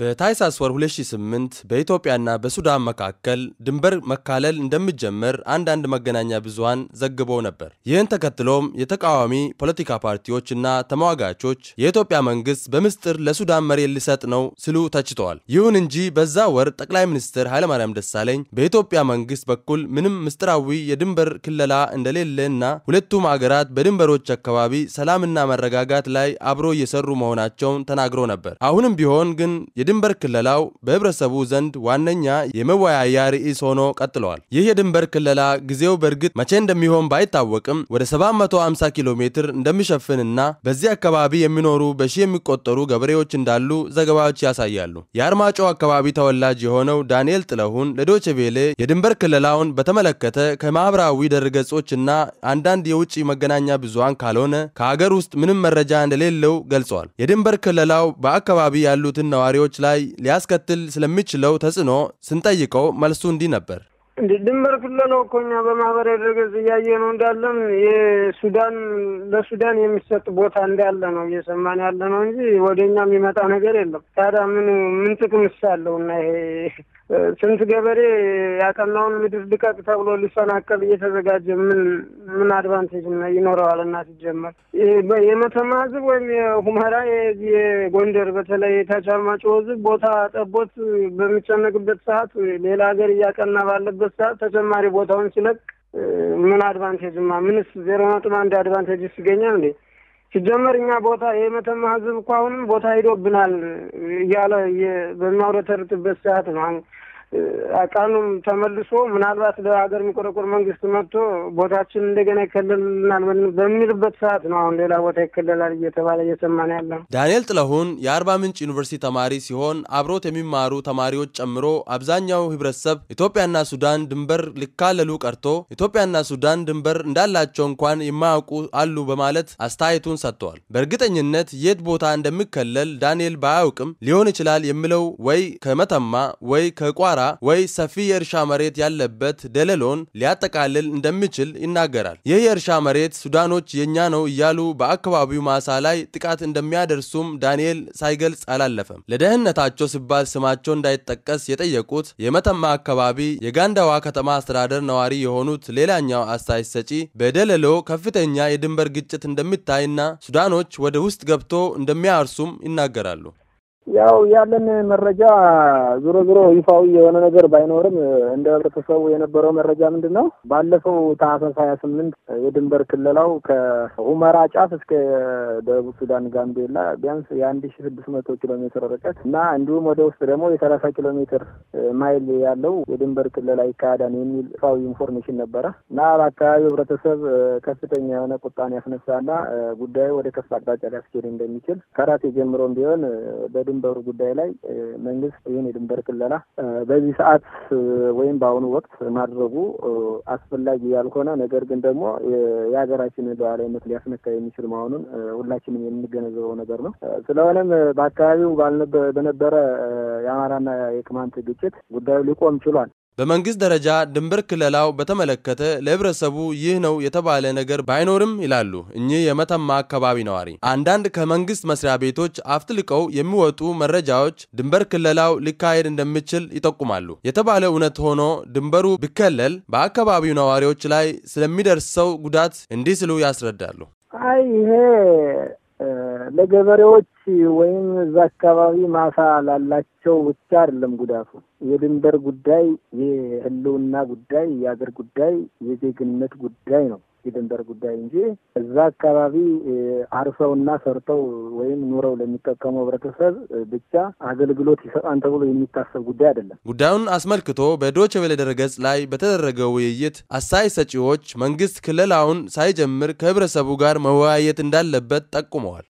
በታይሳስ ወር 2008 በኢትዮጵያና በሱዳን መካከል ድንበር መካለል እንደሚጀመር አንዳንድ መገናኛ ብዙሃን ዘግበው ነበር። ይህን ተከትሎም የተቃዋሚ ፖለቲካ ፓርቲዎች እና ተሟጋቾች የኢትዮጵያ መንግስት በምስጢር ለሱዳን መሬት ሊሰጥ ነው ሲሉ ተችተዋል። ይሁን እንጂ በዛ ወር ጠቅላይ ሚኒስትር ኃይለማርያም ደሳለኝ በኢትዮጵያ መንግስት በኩል ምንም ምስጢራዊ የድንበር ክለላ እንደሌለ እና ሁለቱም አገራት በድንበሮች አካባቢ ሰላምና መረጋጋት ላይ አብሮ እየሰሩ መሆናቸውን ተናግሮ ነበር። አሁንም ቢሆን ግን የድንበር ክለላው በህብረተሰቡ ዘንድ ዋነኛ የመወያያ ርዕስ ሆኖ ቀጥለዋል። ይህ የድንበር ክለላ ጊዜው በእርግጥ መቼ እንደሚሆን ባይታወቅም ወደ 750 ኪሎ ሜትር እንደሚሸፍንና በዚህ አካባቢ የሚኖሩ በሺ የሚቆጠሩ ገበሬዎች እንዳሉ ዘገባዎች ያሳያሉ። የአርማጮ አካባቢ ተወላጅ የሆነው ዳንኤል ጥለሁን ለዶቼ ቬሌ የድንበር ክለላውን በተመለከተ ከማህበራዊ ደረገጾች እና አንዳንድ የውጭ መገናኛ ብዙሃን ካልሆነ ከሀገር ውስጥ ምንም መረጃ እንደሌለው ገልጿል። የድንበር ክለላው በአካባቢ ያሉትን ነዋሪዎች ላይ ሊያስከትል ስለሚችለው ተጽዕኖ ስንጠይቀው መልሱ እንዲህ ነበር። ድንበር ክልለው እኮ እኛ በማህበራዊ ድረገጽ እያየ ነው እንዳለን የሱዳን ለሱዳን የሚሰጥ ቦታ እንዳለ ነው እየሰማን ያለ ነው እንጂ ወደ እኛ የሚመጣ ነገር የለም። ታዲያ ምን ምን ጥቅም አለው እና ይሄ ስንት ገበሬ ያቀናውን ምድር ልቀቅ ተብሎ ሊፈናቀል እየተዘጋጀ ምን ምን አድቫንቴጅ ይኖረዋል? እና ሲጀመር የመተማ ህዝብ ወይም የሁመራ የጎንደር በተለይ የታቻማጭ ህዝብ ቦታ ጠቦት በሚጨነቅበት ሰዓት ሌላ ሀገር እያቀና ባለበት ሰዓት ተጨማሪ ቦታውን ሲለቅ ምን አድቫንቴጅማ ምንስ ዜሮ ነጥብ አንድ አድቫንቴጅ ይገኛል እንዴ? ሲጀመር እኛ ቦታ የመተማ ህዝብ እኮ አሁንም ቦታ ሂዶብናል እያለ በሚያውረተርትበት ሰዓት ነው አቃኑም ተመልሶ ምናልባት ለሀገር የሚቆረቆር መንግስት መጥቶ ቦታችን እንደገና ይከለልናል በሚልበት ሰዓት ነው አሁን ሌላ ቦታ ይከለላል እየተባለ እየሰማን ያለው። ዳንኤል ጥለሁን የአርባ ምንጭ ዩኒቨርሲቲ ተማሪ ሲሆን አብሮት የሚማሩ ተማሪዎች ጨምሮ አብዛኛው ህብረተሰብ ኢትዮጵያና ሱዳን ድንበር ሊካለሉ ቀርቶ ኢትዮጵያና ሱዳን ድንበር እንዳላቸው እንኳን የማያውቁ አሉ በማለት አስተያየቱን ሰጥተዋል። በእርግጠኝነት የት ቦታ እንደሚከለል ዳንኤል ባያውቅም ሊሆን ይችላል የሚለው ወይ ከመተማ ወይ ከቋራ ተራራ ወይ ሰፊ የእርሻ መሬት ያለበት ደለሎን ሊያጠቃልል እንደሚችል ይናገራል። ይህ የእርሻ መሬት ሱዳኖች የእኛ ነው እያሉ በአካባቢው ማሳ ላይ ጥቃት እንደሚያደርሱም ዳንኤል ሳይገልጽ አላለፈም። ለደህንነታቸው ሲባል ስማቸው እንዳይጠቀስ የጠየቁት የመተማ አካባቢ የጋንዳዋ ከተማ አስተዳደር ነዋሪ የሆኑት ሌላኛው አስተያየት ሰጪ በደለሎ ከፍተኛ የድንበር ግጭት እንደሚታይና ሱዳኖች ወደ ውስጥ ገብቶ እንደሚያርሱም ይናገራሉ። ያው ያለን መረጃ ዞሮ ዞሮ ይፋዊ የሆነ ነገር ባይኖርም እንደ ህብረተሰቡ የነበረው መረጃ ምንድን ነው? ባለፈው ታህሳስ ሀያ ስምንት የድንበር ክልላው ከሁመራ ጫፍ እስከ ደቡብ ሱዳን ጋምቤላ ቢያንስ የአንድ ሺ ስድስት መቶ ኪሎ ሜትር ርቀት እና እንዲሁም ወደ ውስጥ ደግሞ የሰላሳ ኪሎ ሜትር ማይል ያለው የድንበር ክልላ ይካሄዳል የሚል ይፋዊ ኢንፎርሜሽን ነበረ እና በአካባቢው ህብረተሰብ ከፍተኛ የሆነ ቁጣን ያስነሳና ጉዳዩ ወደ ከፍ አቅጣጫ ሊያስኬድ እንደሚችል ከራሴ ጀምሮም ቢሆን በድ በድንበሩ ጉዳይ ላይ መንግስት ይህን የድንበር ክለላ በዚህ ሰዓት ወይም በአሁኑ ወቅት ማድረጉ አስፈላጊ ያልሆነ ነገር ግን ደግሞ የሀገራችንን ሉዓላዊነት ሊያስነካ የሚችል መሆኑን ሁላችንም የምንገነዘበው ነገር ነው። ስለሆነም በአካባቢው በነበረ የአማራና የቅማንት ግጭት ጉዳዩ ሊቆም ችሏል። በመንግስት ደረጃ ድንበር ክለላው በተመለከተ ለህብረተሰቡ ይህ ነው የተባለ ነገር ባይኖርም ይላሉ እኚህ የመተማ አካባቢ ነዋሪ። አንዳንድ ከመንግስት መስሪያ ቤቶች አፍትልቀው የሚወጡ መረጃዎች ድንበር ክለላው ሊካሄድ እንደሚችል ይጠቁማሉ። የተባለ እውነት ሆኖ ድንበሩ ቢከለል በአካባቢው ነዋሪዎች ላይ ስለሚደርሰው ጉዳት እንዲህ ስሉ ያስረዳሉ። አይ ይሄ ለገበሬዎች ወይም እዛ አካባቢ ማሳ ላላቸው ብቻ አይደለም ጉዳቱ። የድንበር ጉዳይ፣ የህልውና ጉዳይ፣ የአገር ጉዳይ፣ የዜግነት ጉዳይ ነው የድንበር ጉዳይ እንጂ እዛ አካባቢ አርሰውና ሰርተው ወይም ኑረው ለሚጠቀሙ ህብረተሰብ ብቻ አገልግሎት ይሰጣን ተብሎ የሚታሰብ ጉዳይ አይደለም። ጉዳዩን አስመልክቶ በዶች ቬለ ድረገጽ ላይ በተደረገው ውይይት አስተያየት ሰጪዎች መንግስት ክልላውን ሳይጀምር ከህብረተሰቡ ጋር መወያየት እንዳለበት ጠቁመዋል።